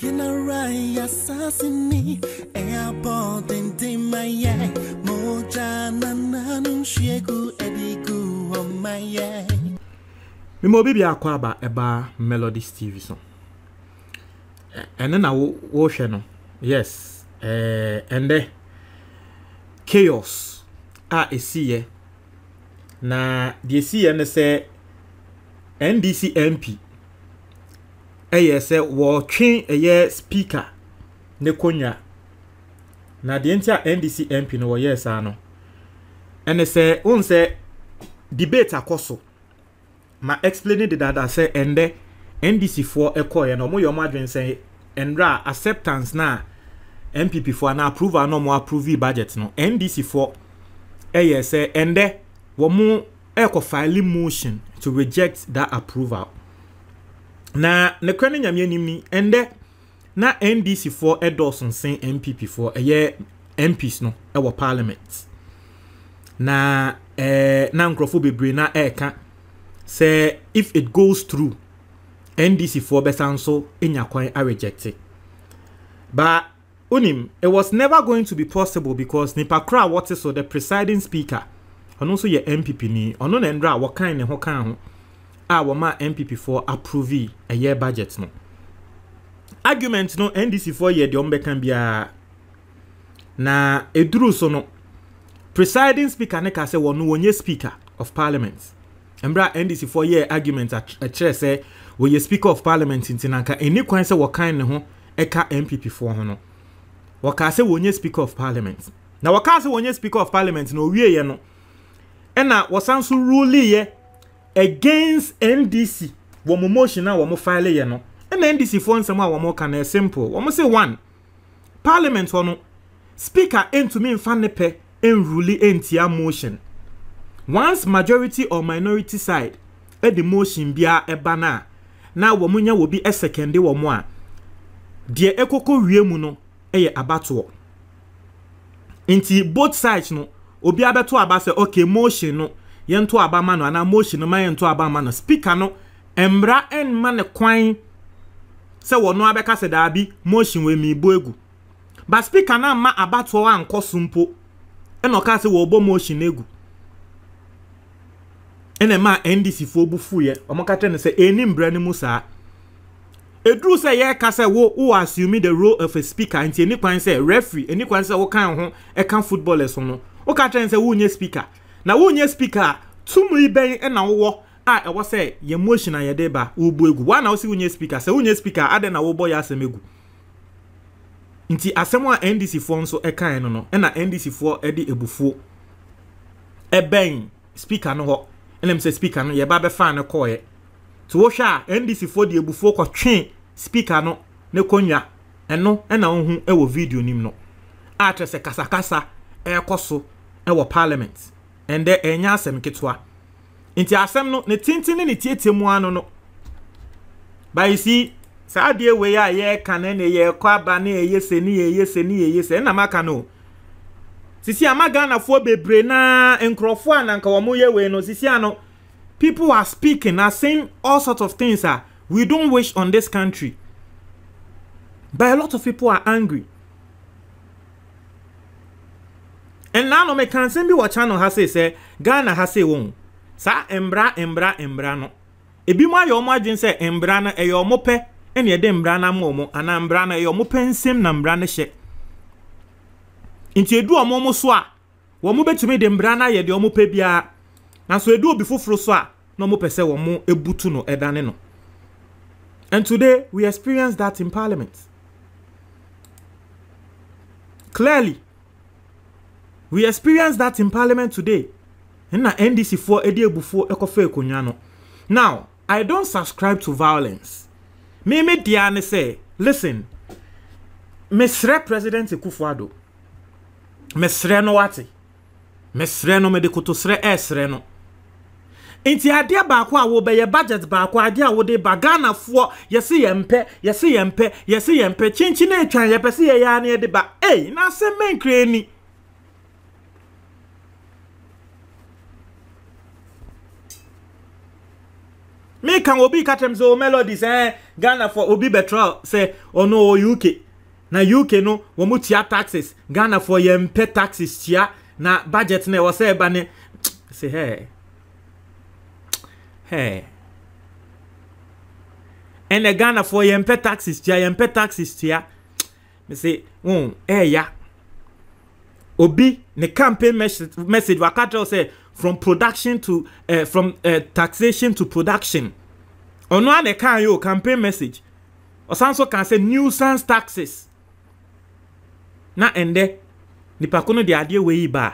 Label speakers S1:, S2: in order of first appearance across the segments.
S1: Yinarai assassini e aboden de maye mojana nanum shegu edigu o maye Mimo bibi akwa ba eba Melody Stevenson. Ene na wo hwe no. Yes. Eh chaos a esiye na die esiye ne se NDC MP ɛyɛ sɛ wɔtwe ɛyɛ speaker ne konwa na deɛ nti a ndc mp no wɔyɛɛ saa no ɛne sɛ wohu sɛ debate akɔ so ma explain data sɛ ɛndɛ ndc foɔ ɛkɔɔyɛ no ɔmoyɛ ɔmo adwene sɛ ɛnra acceptance na npp foɔ anaa approval na ɔmo approve budget no ndc foɔ ɛyɛ sɛ ɛndɛ wɔn ɛkɔ filing motion to reject that approval na ne kora ne nyame anim ni ɛndɛ na ndc foɔ ɛdɔɔso nsen npp foɔ ɛyɛ mps no ɛwɔ parliament na ɛɛ na nkurɔfoɔ bebree na eka se if it goes through ndc foɔ bɛsa nso enya kwan arejecte ba unim it was never going to be possible because nipa koro a wɔte so the presiding speaker ɔno nso yɛ npp ni ɔno na ndra a wɔkan ne ho kan ho a wɔma npp foɔ approve ɛyɛ budget no argument no ndc foɔ yɛ deɛ ɔmbɛka biara na eduru so no presiding speaker ne ka sɛ wɔn no wɔnyɛ speaker of parliament mbra ndc foɔ yɛ argument ɛkyerɛ sɛ wɔyɛ speaker of parliament nti nanka ɛni kwan sɛ wɔkan ne ho ɛka npp foɔ ho no wɔka sɛ wɔnyɛ speaker of parliament na wɔka sɛ wɔnyɛ speaker of parliament na owie yɛ no ɛna wɔsan so rule yɛ against ndc wɔn mo motion a wɔn file yɛ no ɛna ndc foɔ nsɛm a wɔn ka na ɛ simple wɔn say one parliament hɔ no speaker ntumi nfa ne pɛ nruli ntia motion once majority or minority side ɛde motion biara ɛba na na wɔn nya wɔ bi ɛsɛkɛnde wɔn a deɛ ɛkɔkɔ wie mu no ɛyɛ abatoɔ nti both sides no obi abɛto aba sɛ okay motion no yɛnto aba ma no anaa motion no ma yɛnto aba ma no speaker no mmra mma ne kwan sɛ wɔn abɛka sɛ daabi motion wɔ mmiibu egu ba speaker no ama abatoɔ ankɔ so mpo ɛna ɔka sɛ wɔrebɔ motion egu ɛna ɛma ndc foɔ bu fuiɛ wɔn kata no sɛ ɛni mbrɛ no mu saa eduru sɛ yɛreka sɛ wo wo assume the role of a speaker nti eni kwan sɛ referee eni kwan sɛ wɔka ho ɛka e footballers ho no wɔka kyerɛ no sɛ wɔnyɛ speaker. na wonye spika tumu ibe na wụwọ a ɛwɔ sɛ yɛ motion a yɛde ba wobu egu wa na wosi wonye spika sɛ wonye spika adɛ na wobɔ ya asɛm egu nti asɛm a ndc foɔ nso ɛkae no e no na ndc foɔ ɛde ebufuo ɛbɛn spika no hɔ ɛnam sɛ spika no yɛba bɛfa ne kɔɔɛ nti wohwɛ a ndc foɔ de ebufuo kɔtwe spika no ne konwa ɛno ɛna e ohun ɛwɔ e video nim no a kyerɛ sɛ kasakasa ɛɛkɔ so ɛwɔ parliament. ɛndɛ ɛnyɛ eh, asɛm ketewa nti asɛm no ne tenten ne ne tietie mu ano no baasi saa adeɛ wei a yɛreka ne ne yɛrekɔ aba ne yɛyɛ sɛ ne yɛyɛ sɛ ne yɛyɛ sɛ ɛnna maka no sisi ama ghanafoɔ bebree naa nkurɔfoɔ a nanka wɔn yɛ wei no sisi ano people are speaking are saying all sorts of things a ah. we don't wish on this country but a lot of people are angry ɛnna no meka nsɛm bi wɔ channel ha sei sɛ ghana ha sei wɔn saa mbra mbra mbra no ebi mu ayɛ wɔn adwene sɛ mbra no ɛyɛ wɔn pɛ ɛna yɛde mbra no ama wɔn anaa mbra no ɛyɛ wɔn pɛ nsɛm na mbra no hyɛ nti edu wɔn so a wɔn bɛtumi de mbra no ayɛ deɛ wɔn pɛ biara nanso edu obi foforɔ so a na wɔn pɛ sɛ wɔn ebutu no ɛdane e no and today we experience that in parliament clearly we experience that in parliament today na ndc foɔ ɛde ebufoɔ ɛkɔfɔ akonnwa no now i don subscribe to violence mímí deɛ ni sɛ listen mesrɛ president kufuado mesrɛ no wate mesrɛ no mede kotosrɛ ɛsrɛ e, no nti adeɛ baako a wɔbɛyɛ budget baako adeɛ a wɔde ba ghanafoɔ yɛsi yɛn mpɛ yɛsi yɛn mpɛ yɛsi yɛn mpɛ kyinkyin etwan yɛpɛ si yɛyɛ ani yɛde ba ɛy n'asɛm mɛnkire ni. me kan obi ka tem so melodies eh Ghana for obi betra say ono o UK na UK no wo mu tia taxes Ghana for ye taxes tia na budget na wo say ba ne say hey hey ɛnɛ ghana fo yɛn pɛ taxes tia yɛn pɛ taxes tia mese mm, eh, ɛɛya obi ne campaign message wakata sɛ from production to uh, from uh, taxation to production ɔno a na ɛka campaign message ɔsan so kan sɛ nuisance taxes na ɛndɛ nipa ko no de adeɛ wɔ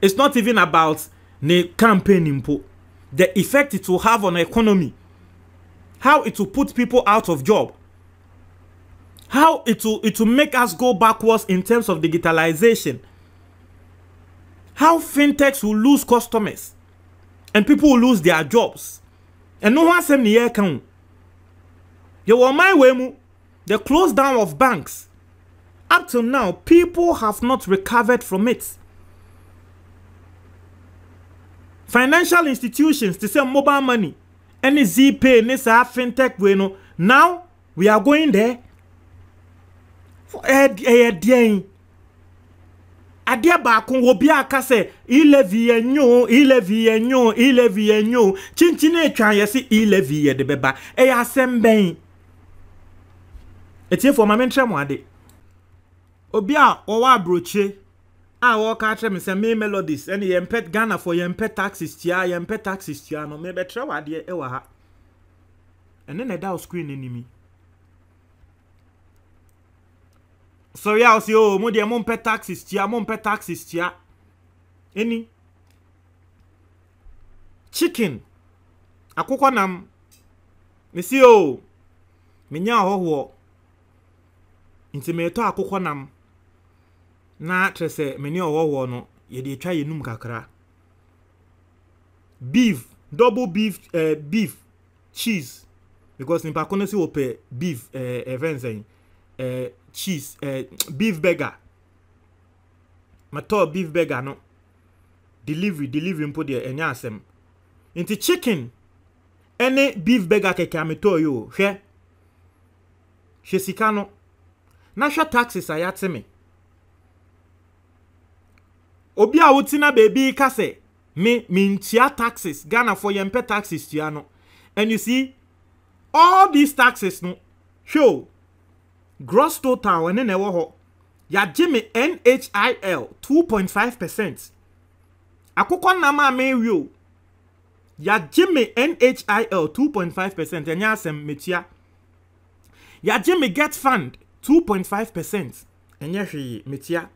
S1: it's not even about ne campaign mpo the effect it will have on the economy how it will put people out of job how it will it will make us go backwards in terms of digitalization how fintechs will lose customers and people will lose their jobs ɛno ho asɛm ne yɛreka ho yɛwɔ ɔman my mu the close down of banks up till now people have not recovered from it financial institutions te sɛ mobile money any zpay any saa fintech we know. now we are going there for ɛyɛ deɛn adeɛ baako wɔ bi aka sɛ elevi yɛ nyo elevi yɛ nyo elevi yɛ nyo kyinkyin etwa yɛ si elevi yɛ de bɛba ɛyɛ asɛm bɛn etie fo maame nkyɛn mu ade obi a ɔwɔ aburokye a wɔka akyerɛ mi sɛ me melodies ɛne yɛn pɛ ghana fo yɛn pɛ taxis tia yɛn pɛ taxis tia no mɛ bɛtɛrɛ wɔ adeɛ ɛwɔ ha ɛne na ɛda o screen anim yi. sɔre a see o mo deɛ mo mpɛ taxis, tia mo mpɛ taxis, tia ɛni chicken akokɔ nam mesi o menya ahɔhoɔ nti metɔ akokɔ nam na kyerɛ sɛ mene ɔhɔhoɔ no yɛde atwa yɛnum kakra beef double beef uh, beef cheese because nipa ko no si wɔpɛ beef eh, uh, eh. uh, cheese eh, beef burger matɔɔ beef burger no delivery delivery mpo deɛ ɛnyɛ asɛm nti chicken ɛne beef burger kɛkɛ ametɔɔ yi o hwɛ hwɛ sika no na hwɛ taxes a yɛate me obi a wotena beebi ka sɛ me mentua taxes Ghana ghanafoɔ yɛmpɛ taxes tua no and you see all these taxes no hwɛ o gross total ɛne na ɛwɔ hɔ yagye me nhil two point five percent akokɔ nam a mewi o yagye me nhil two point five percent ɛnyɛ asɛm metua yagye me get fund two point five percent ɛnyɛ hwee metua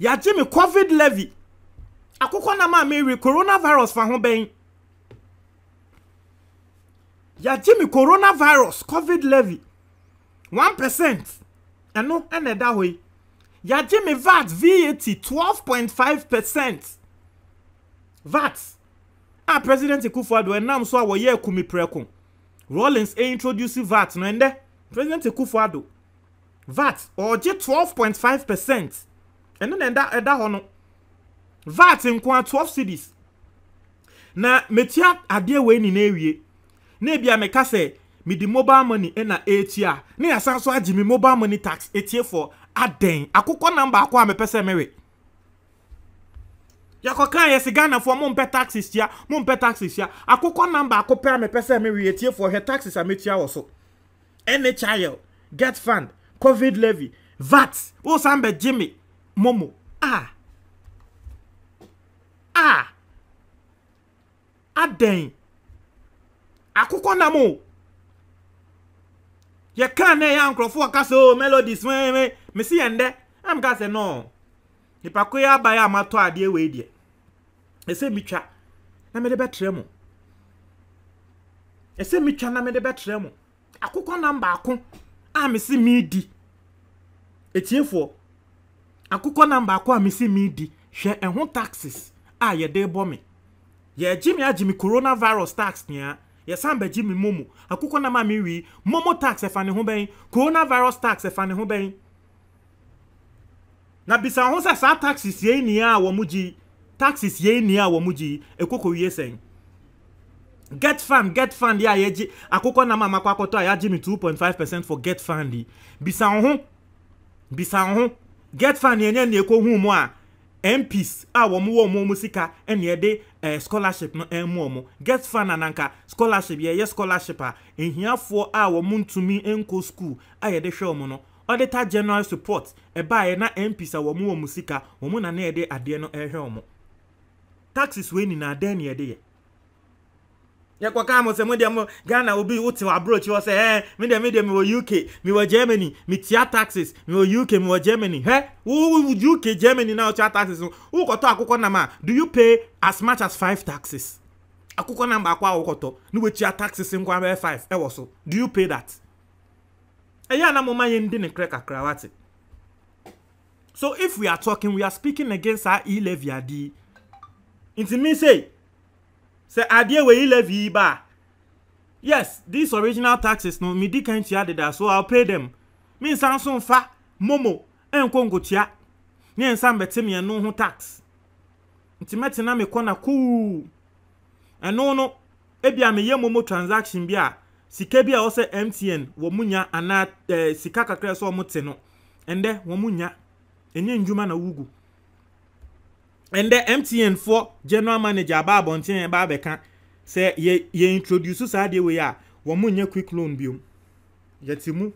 S1: yagye me covid levy akokɔ nam a mewi coronavirus fa ho bɛn yagye me coronavirus covid levy one percent ɛno ɛna ɛda hɔ yi yagye me vat vat twelve point five percent vat a president kufuor-addo ɛnam so a wɔyɛ kumi prɛko rollins introduce vat no ɛndɛ president kufuor-addo vat ɔgye twelve point five percent ɛno na ɛda ɛda hɔ no vat nkoa twelve cities na metia adeɛ wei nyinaa ewie na ebi a meka sɛ mede mobile money na ɛreti a ne yɛsan so agye me mobile money tax ɛtiefoɔ adɛn akokɔ nam baako a mepɛ sɛ mewe yɛkɔka yɛsi ghanafoɔ mompɛ taxes tia mompɛ taxes tia akokɔ nam baako pɛ a mepɛ sɛ mewe ɛtiefoɔ hwɛ taxes a metua wɔ so nhil get fund covid levy vat wosan bɛgye me momo a ah. a ah. adɛn akokɔ nam o yɛka e na ɛyɛ nkurɔfoɔ ɔka sɛ o melodies mɛmɛ mesi yɛn dɛ ɛm ka sɛ no nipa ko yɛ aba yɛ a matɔ adeɛ wei deɛ ɛsɛ na mɛde bɛtrɛ mu ɛsɛ mitwa na mɛde bɛtrɛ mu akokɔ nam baako a mesi miidi etiefoɔ akokɔ nam baako a mesi miidi hwɛ ɛho e taxes a yɛde bɔ me yɛgye mi agye mi coronavirus tax nyinaa yɛsan bɛgye jimmy momo akokɔ nam a mewii momo tax ɛfa ne ho bɛn coronavirus tax ɛfa ne ho bɛn na bisa ho sɛ saa taxes yei nia a wɔn gyi taxes yei nia a wɔn gyi ekoko wie sɛn get fund get fund yi a yɛgye akokɔ nam a makɔ akɔtɔ a yɛagye me two point five percent for get fund yi bisa ho bisa ho get fund yɛn nyɛ nea ekɔ hu mu a. mps a wɔn wɔ wɔn mu sika ɛna yɛde ɛɛ scholarship no ɛɛmu wɔn get fan ananka scholarship yɛyɛ scholarship a ehiafoɔ a wɔn ntumi nkɔ school a yɛde hwɛ wɔn no ɔde ta general support ɛbaayɛ na mps a wɔn wɔ wɔn sika wɔn na na yɛde adeɛ no ɛɛhwɛ wɔn taxes wei nyinaa dɛn na yɛde yɛ yɛkɔka mo sɛ modeɛ mo ghana obi wote w'aborɔkyi hɔ sɛ ɛ medeɛ medeɛ mewɔ uk mewɔ germany metua taxes mewɔ uk mewɔ germany hɛ wo uk germany na wotua taxes no wokɔtɔ akokɔ nam a do you pay as much as five taxes akokɔ nam baako a wokɔtɔ ne wotua taxes nko abɛyɛ five ɛwɔ so do you pay that ɛyɛ ana moma yɛndi ne krɛ kakra wate so if we are talking we are speaking against our e-levy adi nti me say sɛ adeɛ wei levy yi ba yes these original taxes no medi kan tua deda so i'll pay them mensan so mfa momo ɛnkɔ nkotua ne nsan bɛte mmienu ho tax nti mɛtena me kɔ na kuu ɛno no ebi a meyɛ momo transaction bi a sika bi a ɔsɛ mtn wɔn mu nya anaa ɛɛ eh, sika kakra sɛ wɔn te no Ende wɔn mu nya enye ndwuma na wugu ɛndɛ mtn foɔ general manager aba abɔnten ɛba abɛka sɛ yɛ yɛ introduce saa adeɛ wei a wɔn nyɛ quick loan biom yɛte mu